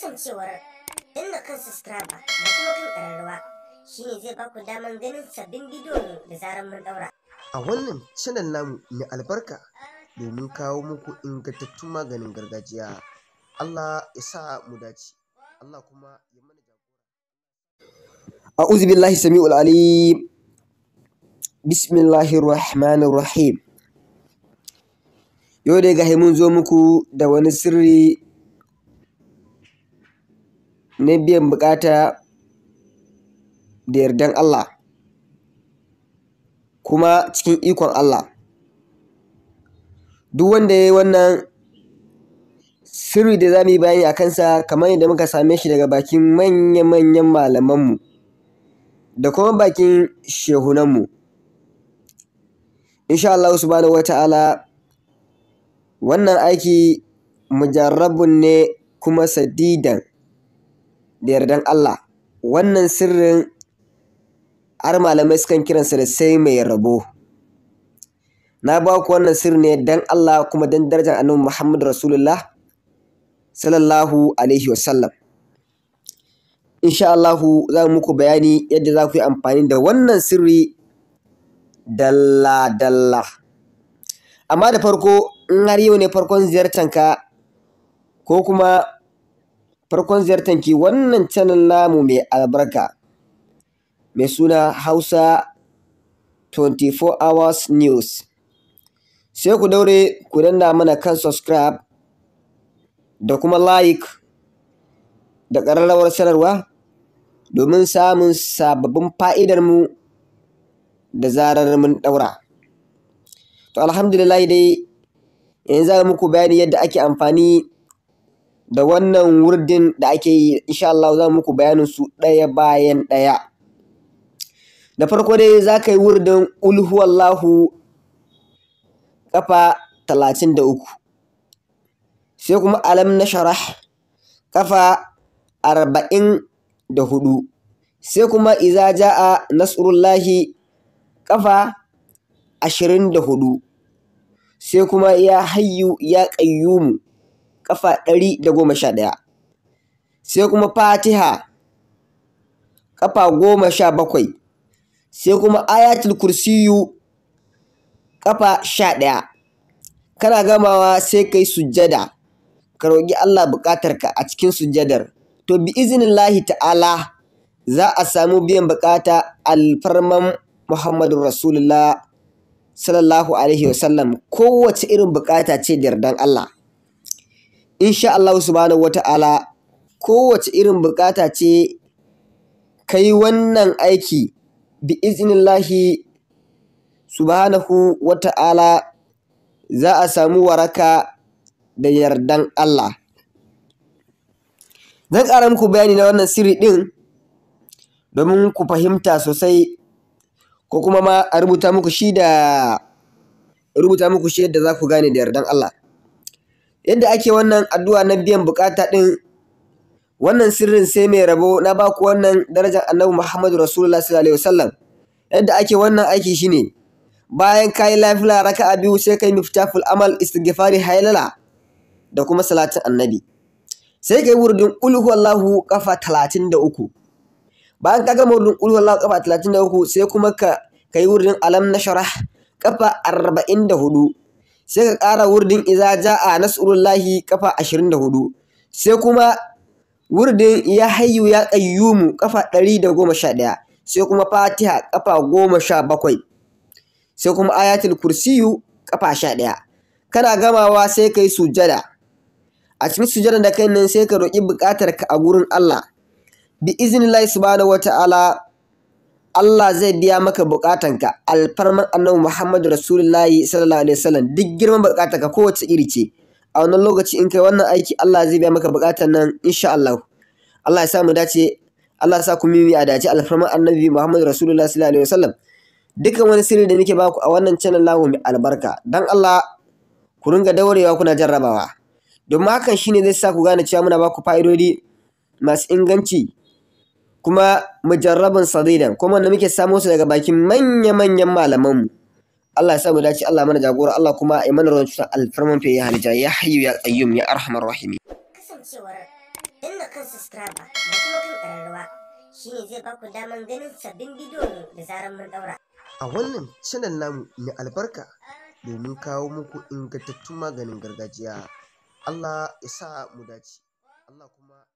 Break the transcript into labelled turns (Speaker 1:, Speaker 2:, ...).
Speaker 1: kasancewar danna kan subscribe da kuma kan ƙararrawa shine zai baku daman ganin sabbin bidiyo da zarar mun daura. A wannan channel namu mai albarka domin kawo muku ingantattun maganin gargajiya. Allah ya sa mu dace. Allah kuma ya mana jagora. A'udhu billahi samiul alim. Bismillahir rahmanir rahim. Yau dai ga mun zo muku da wani sirri na biyan bukata da yardan Allah kuma cikin ikon Allah duk wanda ya yi wannan sirri da za mu yi bayani a kansa kamar yadda muka same shi daga bakin manya-manyan malamanmu da kuma bakin shehunanmu insha Allah subhanahu ta'ala wannan aiki mujarrabun ne kuma sadidan da yardan Allah wannan sirrin har malamai sukan kiransa da sai mai rabo na ba ku wannan sirri ne dan Allah kuma dan darajar annabi Muhammad Rasulullah sallallahu alaihi wasallam insha Allah za mu muku bayani yadda za ku yi amfani da wannan sirri dalla dalla amma da farko in har yau ne farkon ziyartanka ko kuma farkon ziyartanki wannan canan namu mai albarka mai suna Hausa 24 Hours News. Sai ku daure ku danna mana kan subscribe da kuma like da ƙararrawar sanarwa domin samun sababbin mu da zarar mun ɗaura. To alhamdulillah dai yanzu za muku bayani yadda ake amfani da wannan wurdin da ake yi insha Allah za muku bayanin su ɗaya bayan ɗaya da farko dai za ka yi wurdin ulhuwallahu kafa talatin da uku sai kuma alam na sharah kafa arba'in da hudu sai kuma iza ja'a nasrullahi kafa ashirin da hudu sai kuma ya hayyu ya ƙayyumu ƙafa ɗari da goma sha ɗaya sai kuma fatiha ƙafa goma sha bakwai sai kuma ayatul kursiyu ƙafa sha ɗaya kana gamawa sai kai sujada, ka roƙi Allah ka a cikin sujadar. to bi izinin lahi ta'ala za a samu biyan buƙata alfarman Muhammadu Rasulullah sallallahu alaihi wasallam kowace irin buƙata ce da yardan Allah insha Allah subhanahu wata'ala kowace irin bukata ce ka yi wannan aiki bi ku subhanahu wata'ala za a samu waraka da yardan Allah zan ƙara muku bayani na wannan sirri ɗin domin ku fahimta sosai ko kuma ma a rubuta muku shi da rubuta muku shi yadda za ku gane da yardan Allah yadda ake wannan addu'a na biyan bukata din wannan sirrin sai mai rabo na baku wannan darajar annabi Muhammadu Rasulullah sallallahu alaihi wasallam yadda ake wannan aiki shine bayan kayi lafiya a biyu sai kai miftahul amal istighfari haylala da kuma salatin annabi sai kai wurdin qul huwallahu da 33 bayan ka gama wurdin qul huwallahu da 33 sai kuma ka kai wurdin alam nashrah kafa 44 sai ka ƙara wurdin iza ja'a nasrullahi kafa 24 sai kuma wurdin ya hayyu ya qayyumu kafa 111 sai kuma fatiha kafa 17 sai kuma ayatul kursiyu kafa 11 kana gamawa sai kai sujada a cikin sujada da kai nan sai ka roƙi bukatar ka a gurin Allah bi iznillahi subhanahu wataala Allah zai biya maka bukatanka alfarman annabi Muhammadu Rasulullahi sallallahu alaihi wasallam duk girman bukatanka kowace iri ce a wannan lokaci in kai wannan aiki Allah zai biya maka bukatan nan insha Allah Allah ya sa mu dace Allah ya sa ku mimi a dace alfarman annabi Muhammadu Rasulullahi sallallahu alaihi wasallam dukkan wani sirri da nake baku a wannan channel namu mai albarka dan Allah ku ringa daurewa kuna jarrabawa domin hakan shine zai sa ku gane cewa muna baku fa'idodi masu inganci kuma mujarrabin sadidan kuma wanda muke samo su daga bakin manya-manyan malamanmu Allah ya sa mu dace Allah mana jagora Allah kuma ya mana ruwan cutar alfarman fiye ya halija ya hayyu ya qayyum ya arhamar rahimi kasancewar danna kan subscriber da kuma kan ƙararrawa shine zai baku daman ganin sabbin bidiyo da zaran mun daura a wannan channel namu mai albarka domin kawo muku ingantattun maganin gargajiya Allah ya sa mu dace Allah kuma